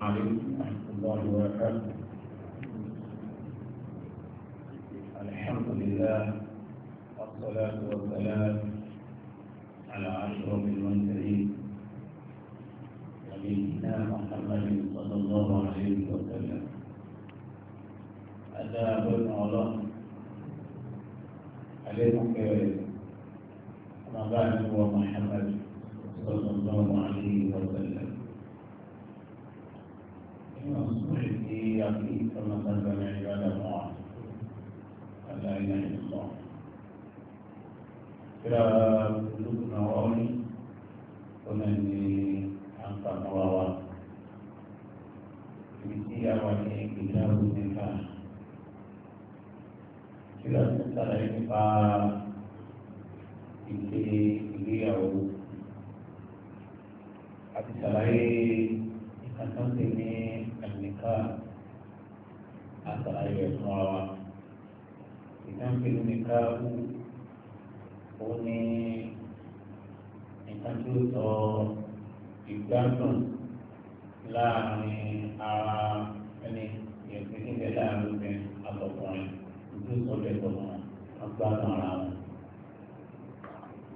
عليكم ورحمة الله وبركاته الحمد لله والصلاة والسلام Kira olùkùnà ọ̀rí ọ̀nà ní àǹfààní wa wa ibi tí kita wà ní ìgbìyànjú nípa kíra sọ̀rọ̀ ẹ̀kọ́ náà wọ́n gbádùn ara wọn.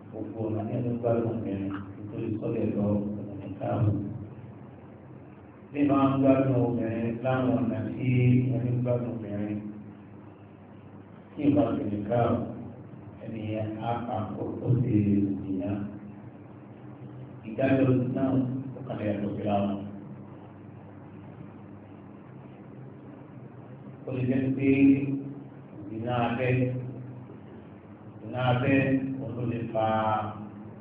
gbogbo ọ̀nà ní ẹni gbádùn obìnrin nítorí sọ̀rọ̀ ẹ̀kọ́ ọ̀nà káàbù. bí máa ń gbádùn obìnrin láwọn ọ̀nà tí wọ́n ń gbádùn obìnrin tí ìbá tẹ̀lé káàbù ẹni àpapọ̀ ó ìyá. ìdájọ́ náà ó kàlẹ̀ ẹ̀kọ́ sí láwọn. olùdẹ́gbẹ́ iná abẹ́ iná abẹ́ olólè fa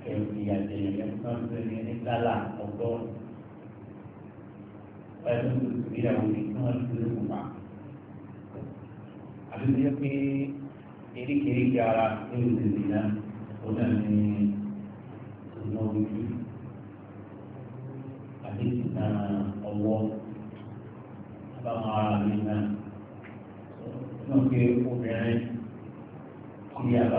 ẹ̀rù ìyàjẹ̀ ẹ̀fọn tó ní ní lálà ọ̀dọ́ pẹ̀lú ìgbéyàwó ní kí wọ́n ti lè wà. àbí wọ́n yẹ pé eríkèéríkèé ara ẹ̀rù ìdìbò náà ó dà ní ìná ojú ọwọ́ àbáwọn ara mi náà. 那给我。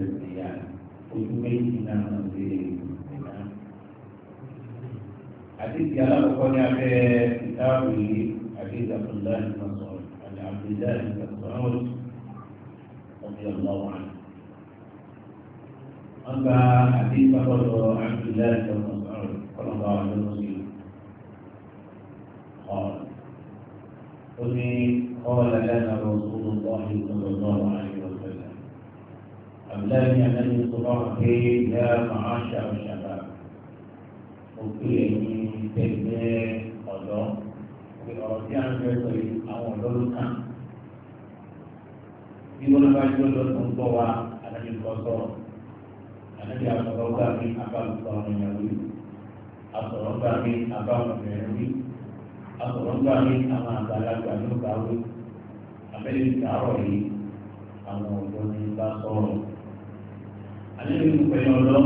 حديث كلام قلنا في كتابه حديث عبد الله بن مسعود عن عبد الله بن مسعود رضي الله عنه أما حديث عبد الله بن مسعود صلى الله عليه وسلم قال قل قال لنا رسول الله صلى الله عليه وسلم abdullahi ní abẹ́ni sọ́kọ́ pé yá màá ṣàṣàbà ó pè é ní tẹ̀gbẹ́ ọ̀dọ́ pé ọ̀rọ̀ tí a ń fẹ́ sọ yìí àwọn ọ̀dọ́ ló kàn. bí wọ́n bá jọ lọ tó ń bọ̀ wá àdájọ́ kọ́ sọ̀rọ̀ àdájọ́ àsọ̀rọ̀ gbà mí abáwùsọ̀ ọ̀rọ̀ ìyàwó yìí àsọ̀rọ̀ gbà mí abáwùsọ̀ ẹ̀rọ yìí àsọ̀rọ̀ gbà mí àwọn àgbàlagbà ló gbà wí àbẹ́lẹ̀ ìtàrọ̀ yìí àwọn ọ̀dọ́ ni bá sọ̀rọ̀ àlejò pẹ̀lú ọ̀dọ́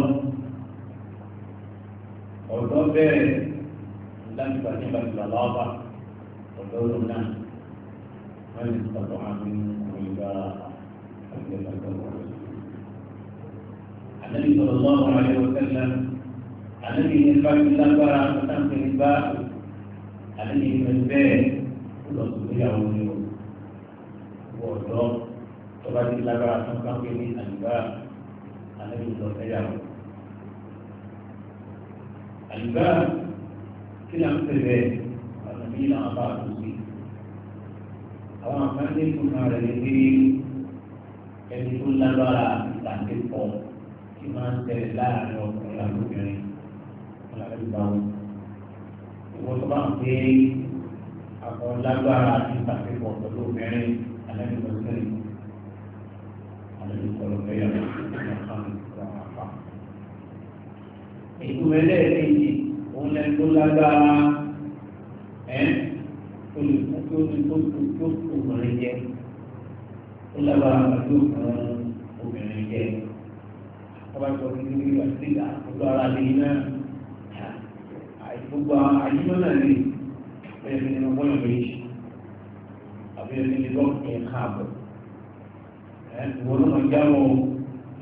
ọ̀dọ́ bẹ̀rẹ̀ láti wà ní ìbàdàn lọ́wọ́ ọ̀dọ́ ló náà wọ́n lè sọ̀tọ̀ àmì ìgbà àgbẹ̀dàgbà wọn. àlejò sọ̀rọ̀ lọ́wọ́ àyẹ̀wò tẹ́lẹ̀ àlejò ní fáwọn lágbára àtàkùn ìgbà àlejò ní bẹ́ẹ̀ lọ́sùn níyàwó ni o wọ̀ ọ̀dọ́ tọ́ba ti lágbára tó ń káwé ní àgbà ànábì lọ fẹ́yà o. àlùbá kí là ń pè bẹ́ẹ̀ ọ̀nà bí làwọn bá tó sí. àwọn àkàndé fún náà rẹ̀ lé ẹni tó lágbára ìtàgé pọ̀ tí máa ń tẹ̀lé láàrin ọkùnrin àlóbìnrin ọ̀làbí bá wọn. ìwọ́n ń pè é àkọ́ lágbára ìtàgé pọ̀ pẹ̀lú obìnrin àlẹ́ ìgbọ̀nsẹ̀ àlẹ́ ìkọlọ̀ fẹ́yà o. ìtumọ̀ ẹlẹ́ẹ̀kejì òun lẹ́nu tó lágbára ẹ̀ olùkú tó ní tó kù tó kù obìnrin jẹ tó lágbára pẹ̀lú òkun obìnrin jẹ ọba tó kí ní wíwá sí ìlà gbogbo ara lè náà gbogbo àyíká náà lè bẹ́ẹ̀ ni wọ́n yọ̀ méjì àbí ẹni ní lọ́ọ̀kì ẹ̀ka àbọ̀ ẹ̀ ìwọ ló máa jáwọ́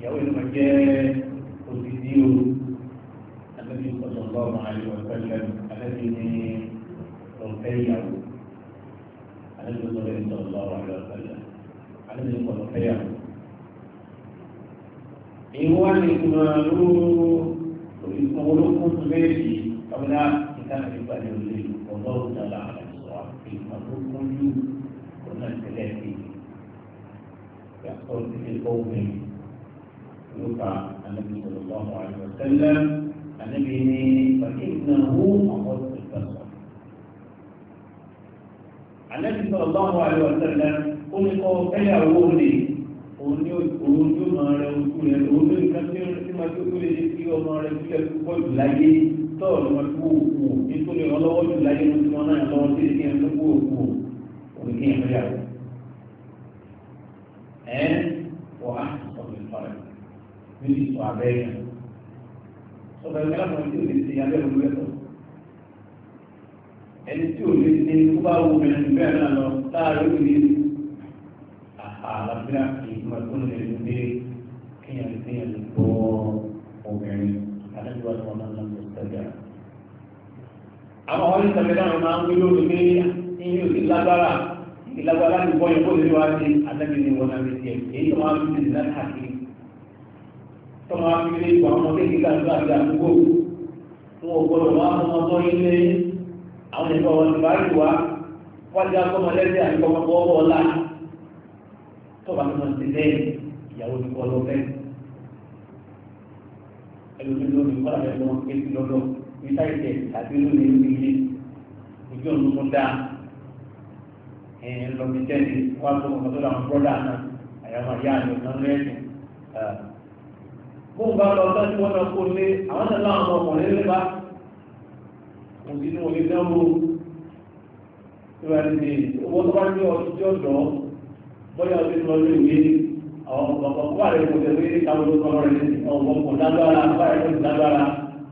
ìyàwó ìlú máa jẹ́ فيعوا على النبي صلى الله عليه وسلم على النبي صلى الله عليه وسلم إيوان إكمالوا ويقولون بيتي قبل كتاب إبان الليل والله تعالى على الصراط في مطلوب كنا الثلاثي يحصل في القوم يقع النبي صلى الله عليه وسلم النبي فإنه sallallahu alaihi wasallam ó ní kọ́ ẹ̀yàwó ni òun ni òun yóò máa rẹ ojú rẹ òun ló nìkan tí ó máa tó lè ṣe kí ọmọ rẹ sílẹ̀ púpọ̀ jù láyé tọ́ọ̀lù máa tó òkú nítorí ọlọ́wọ́ jù láyé ló ti wọn náà lọ́wọ́ sí ìdí ẹni tó kú òkú òun kí ẹ̀mí yàwó. ẹ wọ́n á sọ mi fọ́ọ̀rẹ́ mi ti sọ abẹ́rẹ́ sọ̀rọ̀ ẹ̀mí láwọn tí ò lè ṣe abẹ́rẹ́ olú ẹ̀kọ́ ẹni tí ò lè ṣe kó bá wo mẹ́rin bẹ́ẹ̀ náà lọ láàárọ̀ ìwé àlàáfíà ìgbìmọ̀ tó lè dé kéèyàn kéèyàn lè gbọ́ obìnrin adájọ́ tó wọn náà lọ sẹ́jà. àwọn ọ̀rẹ́ ìtàgé náà máa ń wí lórí pé iye òsì lágbára ìlágbára ní bọ́yọ̀ kó lè wá sí adájọ́ ní wọn náà lè tiẹ̀ èyí tó máa ń fi lè láti àkè tó máa ń fi lè gbọ́ àwọn kékeré àti àgbà àdúgbò wọn ò gbọdọ̀ wá ọmọ ọgbọ́n ilé àwọn ìlú ọwọ́ ìgbà ìwà wájú akọ́mọ lẹ́sẹ̀ àti ọmọ ọwọ́ ọ̀la tó bá tó ti lẹ́yìn ìyàwó ti kọ́ lọ́fẹ́ ẹlòmí lónìí kọ́lá fẹ́ lọ́wọ́ pé lọ́dọ̀ níta ìtẹ̀ àti lónìí ní ilé ojú ọ̀nà tó dáa ẹ̀ẹ́n lọ́mí tẹ́lẹ̀ wá tó ọmọ tó dáa bọ́dà náà àyàwó àyà àjọ náà lẹ́yìn bóun bá lọ kò sí ní olè dánwò ìwádìí owó tó bá ní ọdún tí ọ̀dọ́ bóyá ọdún tí wọ́n lè wé àwọn ọ̀pọ̀pọ̀ kó àrẹ kò tẹ̀lé káwọn tó kọ́ rẹ̀ ọ̀pọ̀ kò lágbára báyìí kò lágbára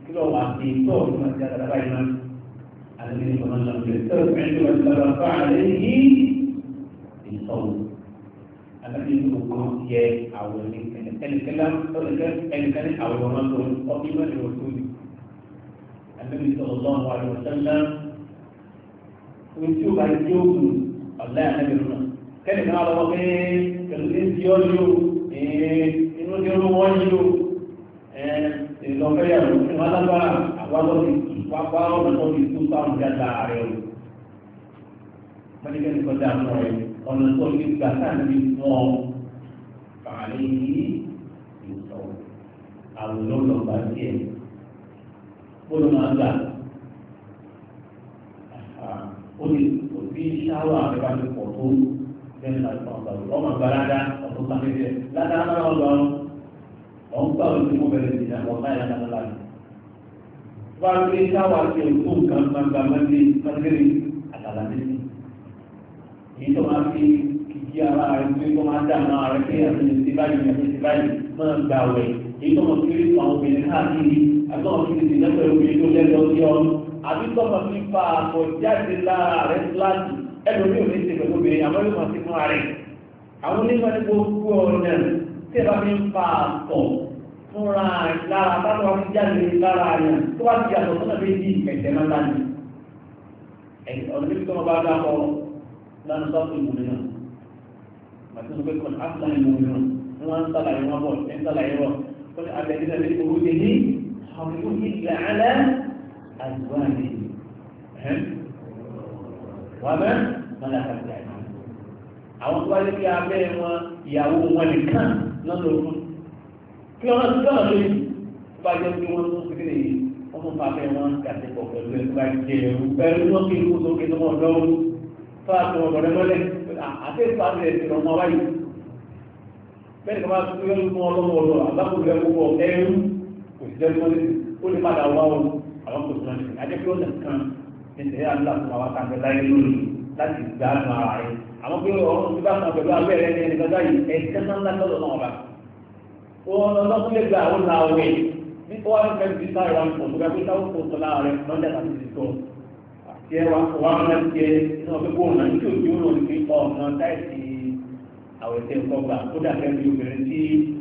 kí lọ́ọ̀ wá sí tó ọdún máa ti àgbàdá báyìí máa àti ní ìfọ̀nà lọ́dún tẹ̀lé pẹ̀lú ìgbàgbà fáàlẹ́ yìí ìsọ̀wọ́ àti ní òkú yẹ àwọn ẹnìkẹ́ni ẹnìkẹ́ni àwọn ọmọ tó ń kọ́ bí àbẹ́bí sọ̀rọ̀ lọ́wọ́ àlọ́ sẹ́lẹ̀ ohun tí ó bá ti ó kù ọ̀la àbẹ́bí rẹ̀ kẹ́lẹ̀ kan lọ́wọ́ pé pẹ̀lú ní ti ọ́ yóò inú ní olú wọ́n yóò ìlọ́fẹ́ yàrá òfin alágbára àwọn ọlọ́sìn pápá ọ̀nà tó fi kú sáwọn jáde ààrẹ o. mẹ́lẹ́kẹ́ ní kọjá àmọ́ rẹ̀ ọ̀nà tó fi gbà sáàmì fi mọ́ ọ fàálẹ́ yìí ìtọ́ àwòrán lọ́gbà díẹ̀ bóyá máa gbà ó ní òbí ṣáwà àgbẹ̀bá ti pọ̀ tó lẹ́nu àti ọ̀gá ọmọ àgbà ládá ọ̀tún sàkéjẹ ládá náà lọ ọ̀n gbà ó ti mú bẹ̀rẹ̀ sí ìjà ọ̀gá ìyá náà lálẹ́. wọ́n á gbé ṣáwà ti òkú nǹkan gbangba mẹ́lẹ́ mẹ́lẹ́rì àtàlà mẹ́lẹ́. èyí tó máa fi kìkì ara rẹ̀ pé kó máa dà náà rẹ̀ pé àti ìsibáyìí àti ìsibáyìí máa gbà wẹ̀ èyí tó mọ̀ sí rí àwọn obìnrin káàkiri àti àwọn obìnrin ti lẹ́sẹ̀ obìnrin tó lẹ́sẹ̀ ọdí ọdún àbí tọ́mọ̀ sí fa àkọjáde lára rẹ̀ láti ẹnu mi ò ní ṣe pẹ̀lú obìnrin àmọ́ yóò mọ̀ sí fún ààrẹ. àwọn onímọ̀ ní gbogbo ọ̀nà tí ẹ bá fi ń fa àtọ̀ fúnra lára táwọn wá fi jáde lára rẹ̀ tó bá ti àtọ̀ sọ́nà méjì ẹ̀jẹ̀ máa láti. ọ̀nà tí wọ́n bá dákọ̀ lánàá sọ́ọ̀tù قل الذين من فروجهم حافظون إلا على أزواجهم وما ملكت أيمانهم àwọn tó wá ní kí abẹ́ wọn ìyàwó wọn nìkan lọ́nà òkun kí wọ́n ti tọ́nà lórí tó bá jẹ́ pé wọ́n tún fi lè wọ́n tún fa abẹ́ wọn gàtí pọ̀ pẹ̀lú ẹ̀ tó bá jẹ ẹ̀rú pẹ̀lú wọn kí ikú sókè bẹ́ẹ̀ kama tó yẹ lọ́wọ́ ọlọ́wọ́ lọ àbáko yẹ kó ẹrú kò sí dẹ́nu wọlé ó lè má da wá o àwọn kò sọ̀rọ̀ nìkan ajẹ́ pé ó nìkan ẹsẹ̀ yà ńlá fún wa kàn fẹ́ láyé lórí láti gbà á nù ara rẹ̀ àwọn pé ọ̀rọ̀ ti bá kan pẹ̀lú abẹ́rẹ́ ẹni ẹni gbàgbá yìí ẹ̀sẹ̀ náà ńlá lọ́dọ̀ náà wà. òun ọlọ́kùn lè gba àwọn làwẹ̀ ní kó wàá fẹ́ fi sáré wa pọ̀ tóbi àti táwọn kò sọ̀rọ̀ rẹ̀ lọ́jà láti ti sọ. àti ẹ wa wà á máa tiẹ̀ ní ọ̀fẹ́ kó o nà ní kí òjò náà ní ọ̀nà táìsì àwẹ̀ tẹ́ nǹkan gbà ó dà fẹ́ẹ́ obìnrin tí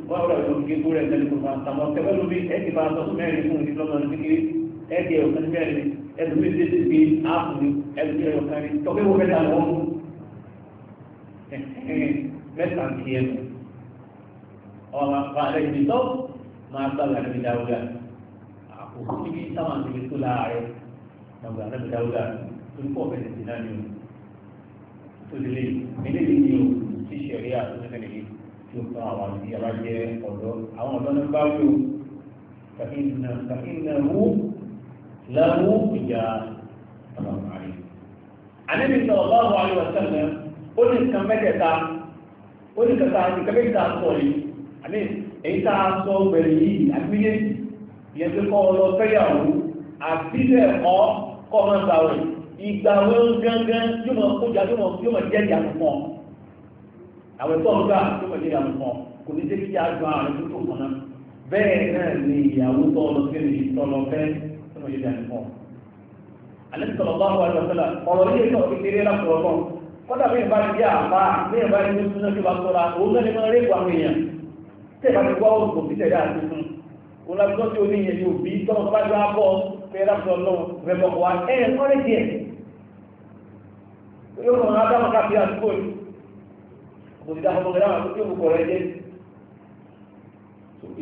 wọ́n rọ̀ ìlú gígé kúrẹ̀ tẹ́lẹ̀ kó máa tàmọ́ kẹfẹ́ lómi ẹ ti bá aṣọ mẹ́rin fún ìdí lọ́mọ kékeré ẹ ti ẹ̀rọ kan mẹ́rin ẹ̀rọ mi ti ti gbé áàpù ni ẹ̀rọ mi ẹ̀rọ kan rí tọ́pẹ́ wo mẹ́ta wọ́n mú mẹ́ta ń kí ẹnu ọmọ àpá rẹ̀ ti tọ́ máa gbà lànà mi dáwúdà àkókò níbi táwọn àti tí sẹ̀rí àtúnṣe yìí tí ó kàn àwọn àti abájẹ́ ọ̀dọ́ àwọn ọ̀dọ́ ní bá wí o kàkínàwó láwó ìjà àbàmàrí. àníbi sọ̀rọ̀ báwo àríwá sẹ́lẹ̀ ó ní nǹkan mẹ́tẹ̀ẹ̀ta ó ní kàkà nǹkan àwọn ẹ̀tọ́ ọ̀gá tó pẹ̀lú ìyàwó kan kò ní débi yá ju àwọn ẹ̀tọ́ tó kàn náà bẹ́ẹ̀ náà ni ìyàwó tó ọlọ sí ní ìtọ́lọ fẹ́ tó pẹ̀lú ìyàwó kan. alẹ́ sọ̀rọ̀ bá wà lọ́sọ̀lá ọ̀rọ̀ yìí náà fi kéré lápọ̀lọpọ̀ kọ́dà bí ìbá ti àpá bí ìbá ti tún náà ti bá sọ́ra òun náà ni wọ́n rí àwọn èèyàn tẹ́ ìbá ti wá òkò sí tẹ̀lé àti fún un lábúgbọ́ tí ó ní mo ti dáhùn mọ́kànlá àwọn tó kọ̀ rẹ jẹ́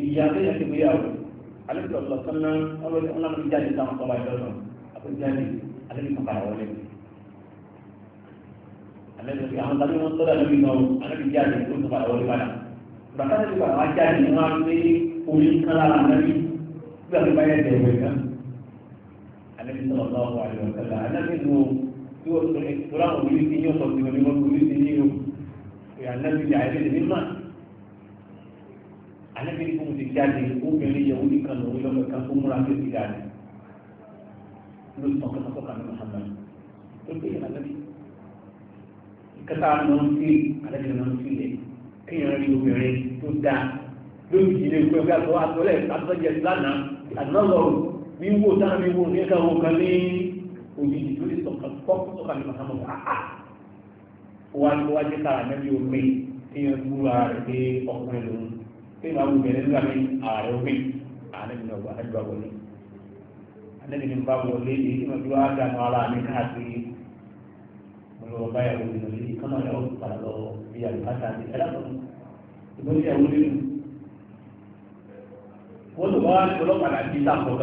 ìyá tó yẹ kí wọ́n yà wọ́n alẹ́ tó lọ sọ́nà ọlọ́dún ọ̀nà mi jáde sáwọn kọ́ báyìí lọ́sàn àti jáde alẹ́ mi kọ́kàrà wọlé alẹ́ tó fi àwọn tàbí wọn tọ́lá lórí náà alẹ́ mi jáde tó kọ́kàrà wọlé padà bàtà tó kọ́kàrà wá jáde wọn á gbé orí kan alẹ́ mi sọ̀rọ̀ lọ́wọ́ àlẹ́ wọn kẹlẹ́ alẹ́ mi nù yóò sọ ẹ̀sìn anábì ní àyẹ̀lẹ́ ní mímọ́ anábì ní kóhun ti jáde obìnrin yẹn wúni kan lọ́wọ́ lọ́mọ kan tó múra tó ti jáde ló sọ kọ́tọ́kọ́ kan ní Muhammad tó gbé yẹn anábì kẹta ló ń fi anábì ló ń fi lẹ̀ kéèyàn rí obìnrin tó dáa lórí ìdílé ìgbẹ́ fẹ́ àtọ́ àtọ́lẹ̀ àtọ́jẹ lánàá ànálọ́rù wíwò táwọn wíwò ní ẹ̀ka wọn kan ní òjijì tó lè ní Muhammad wá ní wájú kára nẹ́bí omi tí yẹn tú ara rẹ̀ pé ọkùnrin lòun tí màá wù bẹ̀rẹ̀ nígbà mi ààrẹ omi ànẹ́bí ní ọgbà ànẹ́bí wàgbọ́ ni ànẹ́bí ní bá wọlé èyí tí wọ́n fi wá dànù ara mi káàkiri mo lọ bá yàwó mi lọ yìí kọ́nà yàwó mi padà lọ bí àlùkàtà àti ẹ̀dàkùn ìgbésí yàwó mi nù wọ́n lọ bá ọlọ́pàá àti ìtàkùn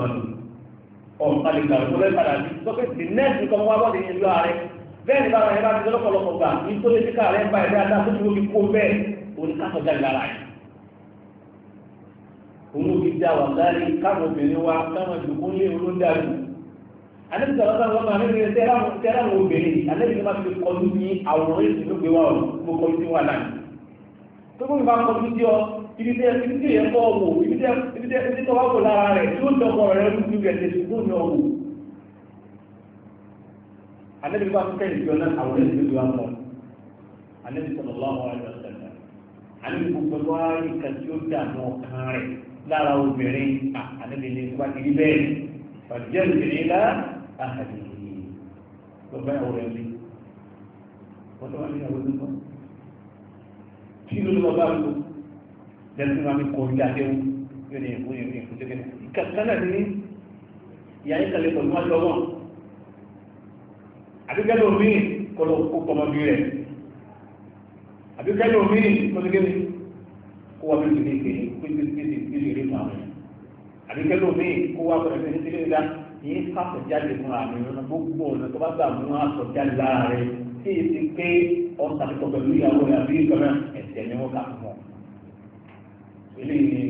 náà nù ọ̀ bẹ́ẹ̀ ni báwọn ẹ̀rọ àti lọ́pọ̀lọpọ̀ gbà nítorí tí káàrẹ́ ń bá ẹ̀rẹ́ adá tó dúró fi kó bẹ́ẹ̀ oníkàtọ̀ jáde lára ẹ̀. òun ò fi dá wà lárí káwọn obìnrin wa káwọn ìdòkó lé olóńdàlù. àdébí sọ̀rọ̀ sọ̀rọ̀ sọ̀rọ̀ àmì ìrìn tẹ́lá àwọn obìnrin àdébí ni wọ́n fi kọjú ní àwòrán ìsìn ló gbé wa ọ̀rọ̀ mo kọjú sí wa náà. tó kún mi bá kọjú sí ọ ibi tẹ ibi tẹ anabi bá fẹ́ ìjọ náà àwọn ẹni tó wà lọ anabi sallallahu alaihi wasallam anabi gbogbo tó wá rí kan tí ó dà mọ kan rẹ lára obìnrin anabi ní wá kiri bẹ́ẹ̀ fàjẹ́ obìnrin lá àhàlì lọ́gbà ìyàwó rẹ̀ ní wọ́n tó wá ní ìyàwó nípa kí ló lọ bá lò lẹ́nu máa mi kọ orí adéwò yóò ní ìfún yóò ní ìfún tó kẹ́ ní ìyá yín kalẹ̀ àbíkẹ́lò míì kò lọ kó pọmọbí rẹ̀ àbíkẹ́lò míì kò lọ gẹ́gẹ́ kó wà lóṣù kéèké pé tí tí tí tí lè rí màá rẹ̀ àbíkẹ́lò míì kó wà pẹ̀lú ẹgbẹ́ tí lè dá yìí sàtọ̀jáde fún àmì ọ̀nà gbogbo ọ̀nà tó bá gbà mú àtọ̀jáde lára rẹ̀ tí èyí ti pé ọ̀sà tó pẹ̀lú ìyàwó rẹ̀ àbí ìkọ́nà ẹ̀sẹ̀ ni wọ́n kà fún ọ. eléyìí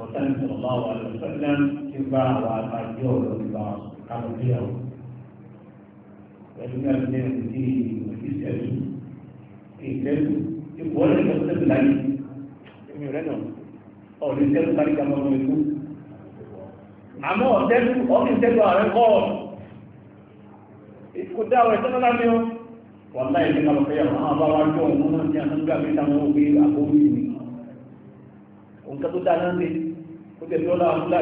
ọ̀sán ìṣọ̀rọ̀ bá wà lọ́sọ̀rọ̀ náà ti bá àwọn àgbájọ ọ̀rọ̀ ìgbà kàlọ́ pẹ̀lú ní abúlé ní ìṣẹ̀lú ìṣẹ̀lú ipò ọ̀rẹ́ ìjọ tó tẹ̀lé láyé èmi rẹ̀ nà ọ̀rẹ́ ìṣẹ̀lú kárí ká máa mọ̀ ikú. àmọ́ ọ̀tẹ́lú ọ̀rẹ́ ìṣẹ̀lú ààrẹ kọ́ ọ̀ kò dá ọ̀rẹ́ sọ́nà lámì ọ́ wọ́n láyé ní kàlọ́ fẹ́ yàrá àwọn bàbá jọ òun náà ní àtúndà mi táwọn òwe àbórí mi òun kẹ́ tó dá náà ní ó tẹ̀ tó lọ́wọ́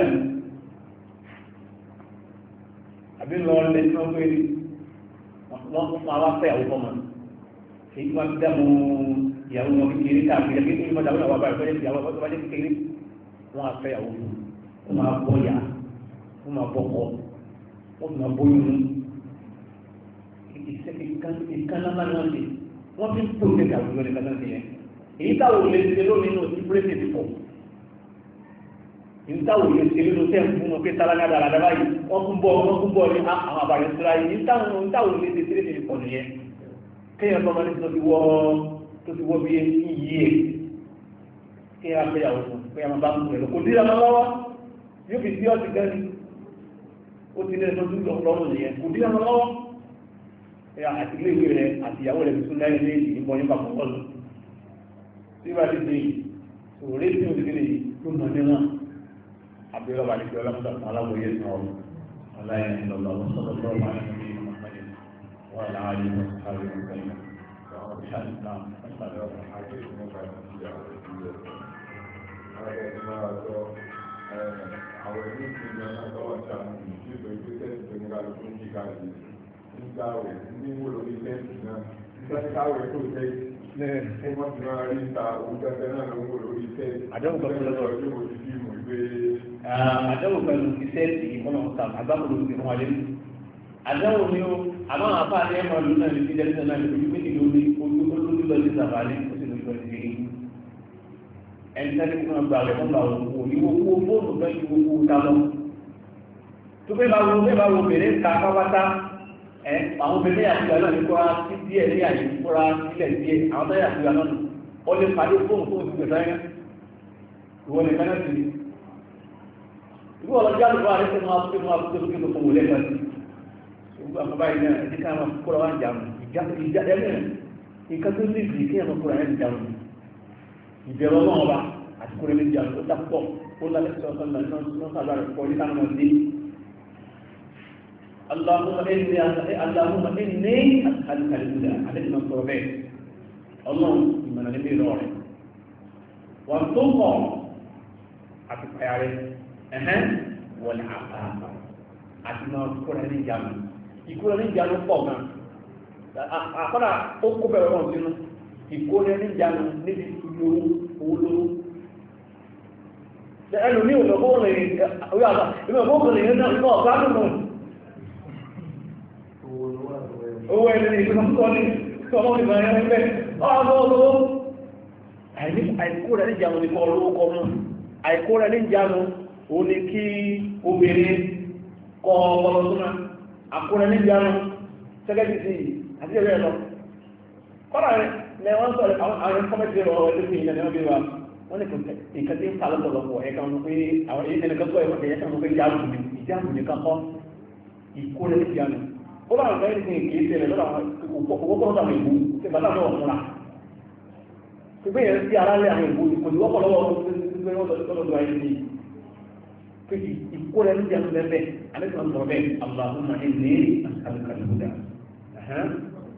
àbí lọ́ọ́ lẹ́ni ọgbẹ́ni wọ́n tún máa wá fẹ́ àwọn ọmọ èyí máa fi dáàmú ìyàwó wọn kiri káàkiri ẹgbẹ́ tó ní máa dáwọn àwọn àbáyọ fẹ́lẹ́ ìyàwó ọmọ tó bá dé kékeré wọ́n á fẹ́ àwọn ọmọ wọ́n máa bọ́ yà wọ́n máa bọ́ kọ́ wọ́n fi máa bóyún mú ìkànnà máa ń lọ́ọ̀dẹ̀ wọ́n fi ń pòtẹ́tà àwùjọ nìkan náà ti yẹn èyí táwọn olè ti lónìí náà ti bírèkì ti pọ̀ nítawò yóò ṣe nínú tẹ́ fún wọn pé tálákà dára dára ah, yìí wọ́n kún bọ́ wọ́n kún bọ́ ní àwọn àbàyè síra yìí nítawò nítawò lè ṣe sílẹ̀ ṣe pọ̀ nìyẹn kéèyàn tó máa ní tó ti wọ́ tó ti wọ́ bí yíyí ẹ̀ kéèyàn á fẹ́yàwó fún pé àwọn bá ń pẹ̀lú kò dí ọmọ lọ́wọ́ yóò fi sí ọtí gẹ́rì ó ti lẹ́nu tó dúró lọ́rùn nìyẹn kò dí ọmọ lọ́wọ́ àti ilé ìwé rẹ àti ìyàwó rẹ tuntun láyé ní ìbọn nípa pọ̀ lọ́lọ́ sí wàá ti dé òré tí mo ti dé lè yìí ló mọ̀ ní náà àbíọ́lá wà nígbà ọlọ́mọdé àwọn aláwòye sàn ọ́ aláìní lọ́lọ́ lọ́sọ̀rọ̀ lọ́wọ́ máa ń fi mọ̀mọ́lé wà láàyè wọn sáré wọn sẹ́yìn àwọn ọ̀ṣà náà wọ́n sáré wọn. àwọn ẹni tí ìjọ náà lọ́wọ́ ta nígbà ìgbé tẹ́sí tó ní ká lóko ń kíkà sí nígbà rẹ̀ níwò lórí tẹ́sí náà nígbà tí káwé tó tẹ́ ní wọ́n ti máa rí ta òun tẹ́tẹ́ náà ló ń wò lórí tẹ́sí. àdéhùn kan tó lọ́wọ́ àdáwò pẹ̀lú ìṣẹ́ẹ̀tì ìmọ̀nà ọ̀sán àgbàkùnrin òsì fún wáyé àdáwò ni ó àmọ́ àpá àti ẹ̀mọ́ ìlú náà ní ìdílé ìṣẹ́ náà ní ojú méjì lórí ojú olójú lọ sí sàbálẹ̀ ó sì lójú ọdún yìí ẹni sẹ́ni fún ọgbà rẹ̀ fún bàwọ̀ òyìnbó owó fóònù fẹ́ ju owó ta lọ tó bẹ́ẹ̀ bá wo bẹ́ẹ̀ bá wo bèrè ta pápátá ẹ àwọn obìnrin àti ìgbà náà ní kóra sí díẹ̀ ní àyè kóra sílẹ̀ díẹ̀ àwọn táyà àti ìgbà náà ó lè parí fóònù fóònù tó gbẹ̀sáyà ìwọ nìkan náà sì ìwọ ọlọ́jà ló wà lẹ́sẹ̀ máa tó máa tó kí gbogbo wò lẹ́gbàá sí gbogbo àbábá yìí náà ní káwọn kóra wá ń jà mù ìjà ẹ̀mẹ́ nǹkan tó ní ìdí kí ẹ̀mọ́ kóra ń jà mù ìbẹ̀rù ọlọ́run ọba àti kóra lè jà mù ó dàpọ̀ ó lálẹ́ sọ ọ̀sán náà náà sábà rẹ̀ pọ̀ nípa àwọn ọdẹ. Allahumma inni Allahumma inni sọ̀rọ̀ bẹ́ẹ̀ ọlọ́run ìmọ̀ràn níbi ìrọ̀ rẹ̀ wọ́n tó kọ̀ àti pàyà wọlé àpá àti máa kóra ní ìjánu ìkóra ní ìjánu pọ̀ gan àkọ́dà ó kó bẹ̀rẹ̀ wọn sínú ìkóra ní ìjánu níbi ìlú owó lówó ẹlòmíì ò lọ bó rìn ìwé àgbà ìwé àgbà ó rìn nínú ọ̀gá nínú owó ẹni ìgbàkọ́ ní ọmọ ìgbà ẹni bẹ́ẹ̀ ọmọ olówó àìkóra ní ìjánu ní kọ́ olówó kọ́ mú àìkóra ní ìjánu ó ní kí obìnrin kọ ọpọlọ súnmọ́ àkúrẹ́ níbi àrùn sẹ́kẹ́tì sí àti ẹ̀rẹ́ lọ kọ́ra rẹ̀ lẹ́ wọ́n sọ̀rọ̀ àwọn àwọn kọ́mẹ́tì rọ̀ ọ̀rọ̀ ẹ̀sìn ilẹ̀ náà bí wa wọ́n ní nǹkan tí ń fa lọ́pọ̀lọpọ̀ ẹ̀ka wọn pé àwọn èyí ẹnìkan tó ẹ̀wọ̀n ẹ̀yẹ kan pé ìjáàmù mi ìjáàmù mi kan kọ́ ìkórè níbi àná ó bá nǹkan ẹ̀sìn kì í ṣẹlẹ̀ lọ́dọ̀ àwọn òkúkọ́ àwọn ìbú ṣe bàtà náà wọ̀n fífi ìkórè ní jẹun lẹ́bẹ̀ alẹ́sàn sọ bẹ́ẹ̀ aláhùnmá ẹni àkàlùkàlùkà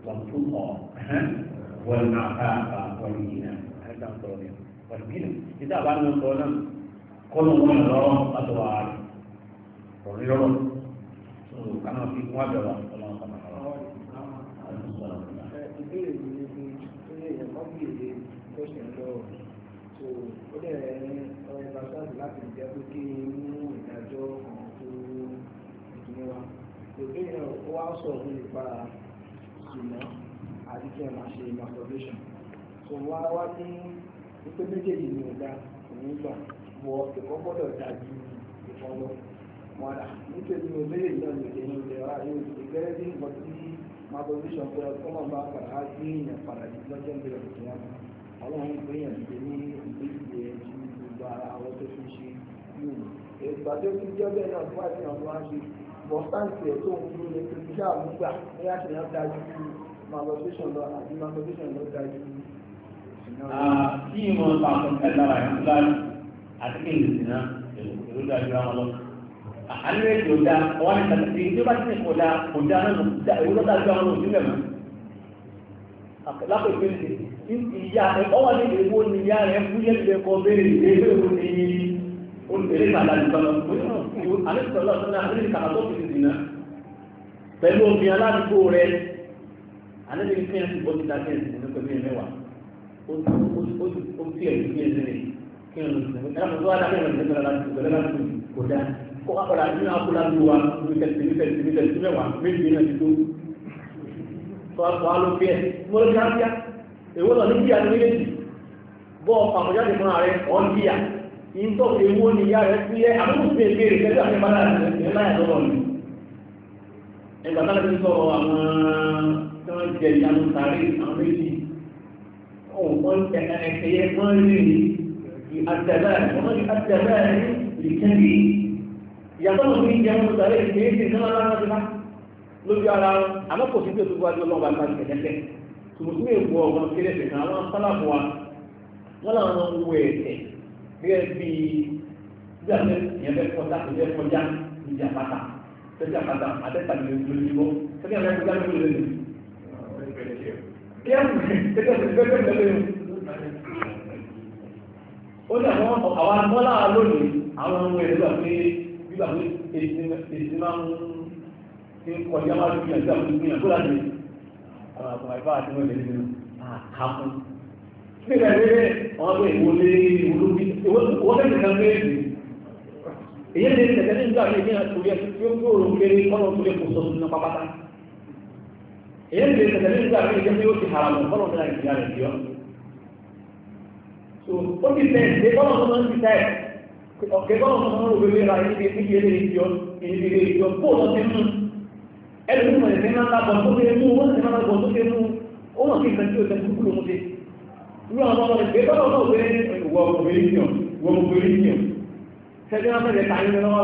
wọ́n tún ọ̀ wọ́n náà káàkà wọ́n yìí náà alẹ́sàn sọ bẹ́ẹ̀ wọ́n bí náà ìdá àbá ní ọ̀sọ̀ náà kọ́nù wọn lọ́rọ́ àtọwà rọ̀rí lọ́rọ́ tó kánà fi fún àbẹ̀wò ọlọ́run kàmá lọ́rọ́ ìbéèrè mi ni pé ó yẹ ẹ̀kọ́ bí èdè tó ṣe ń lọ́wọ́ so ó dẹ̀ ọ̀rọ̀ ìbáṣáàbù láti jẹ́ pé kí mú ìdájọ́ kan tó ìdúró wa kò dé ó wá sọ̀rọ̀ nípa ìmọ̀ àti kí ẹ máa ṣe masturbation so wá wá ní wípé méjèèjì ni ọ̀gá òun gbà wọ ẹ̀kọ́ gbọ́dọ̀ dà ju lọ nítorí mo méjèèjì náà lè yóò ti nǹkan tí masturbation àwọn ìgbéyàn ṣe ní ìgbésẹ̀ tí gbogbo ara àwọn tó fi ṣe yóò ìgbà tó fi jẹ́ bẹ́ẹ̀ náà tó wá sí àwọn wá ṣe bọ́sáǹtì ẹ̀ tó ń dúró ní pé iṣẹ́ àmúgbà ní àṣẹ náà dájú malobation lọ àti malobation lọ dájú. tí ìmọ̀ pàtàkì ẹ̀dára ẹ̀ ń lára àti kí n lè sìn náà èrò dájú àwọn lọ. àlẹ́ ètò ọ̀dà ọ̀wọ́n ní kàtàkì tí ó bá ti kò dá dájú àwọn lọ ìyá rẹ̀ ọwọ́ ní èwo ni ìyá rẹ̀ fún yẹ́lẹ̀ kọ bẹ́rẹ̀ ìgbé èwo ni olùbẹ̀rẹ̀ ìgbàlá pẹ̀lú omi aládùúgbò rẹ̀ alẹ́bí ní fíyànsì bọ́ ti dákẹ́ ẹ̀sìn ní pẹ̀lú ẹ̀mẹ́wàá ó fi ẹ̀sìn ní ẹ̀sìn rẹ̀ kí ẹ̀rọ ìsìn ẹ̀rọ tó wá dákẹ́ ẹ̀sìn rẹ̀ láti pẹ̀lú láti kò dá kó akọ̀dà nínú akọ̀dà tó wa ní tẹ̀sí ní tẹ̀sí ní tẹ̀sí mẹ́wàá méjì náà ti tó tó akọ̀ alófíẹ́ mọ́lẹ́bí á èwo lọ ní bíyà ní méjèèjì bọ́ pàmòjáde fún ààrẹ ọ̀n bíyà ìtọ́ èwo ni ìyá rẹ̀ sí ẹ́ àbúrò sí ebèrè pẹ̀lú àti ìbára rẹ̀ láyà lọ́rọ̀ mi ẹgbà tá láti sọ àwọn tí wọ́n jẹ ìyanu sàárè àwọn méjì ọ̀hún ẹ̀yẹ wọ́n rí àtẹ̀lẹ́ wọ́n rí àtẹ̀lẹ́ ìkẹ́lì ìyàtọ̀ ló ní ìyanu sàárè ìkẹ́lì náà lára lójú ara àmọ́ kò sí bí o tó gbájú ọlọ́ọ̀bá tòmùtúmù èkó ọ̀gbọ́n kéré ẹ̀sìn àwọn sálàbù wa wọ́n làwọn wo ẹ̀sẹ̀ gẹ́gẹ́ bí bí àfẹ́ ìyẹn fẹ́ kọjá ìyẹn kọjá ìjà pátá tẹ́tí àpáta àtẹ́tàbí lójúmọ́ tẹ́tí àpáta kọjá lójú lẹ́nu. kí á mú tẹ́tí àpáta kọjá lójú lẹ́nu. ó ní àwọn àwọn amọ́lá lónìí àwọn ọmọ ẹ̀rọ gbà pé bí bàbá èsì máa ń kọjá wájú ìyàgbé àwọn ìgbìyànjú àti àwọn àtàwọn ìfá àti wọn lè nínú àkàkùn nígbà ìrẹ́lẹ̀ wọn bẹ ìwọlé ìwọlóbi wọn bẹ nìkan méjì èyí lè ní tẹ̀tẹ̀ nígbà tí ìyẹn àtúrí ẹ̀sùn tí ó ń gbòòrò kéré kọ́nà tó lè kó sọ sínú pápátá èyí lè tẹ̀tẹ̀ nígbà tí ìyẹn tí ó ti hàrà mọ̀ kọ́nà tó lè kí ara ìdíyọ́ ó ti tẹ̀ ẹ̀ kọ́nà tó máa ń ti tẹ̀ ọ̀kẹ́ kọ́nà tó máa ń rò wẹ́wẹ́ ra ibi ilé ìjọ ìdílé ìjọ bóòlù ti mú ẹlòmí mọ̀ ẹ̀sẹ̀ máa ń lábọ̀ tó ṣe mú wọ́n sì máa ń bọ̀ tó ṣe mú ó mọ̀ sí ìfẹ́ tí ó ṣe kúkú ló mú ṣe irú àwọn ọmọ rẹ̀ pé bọ́lá náà wé wọ obìnrin yàn wọ obìnrin yàn sẹ́jọ́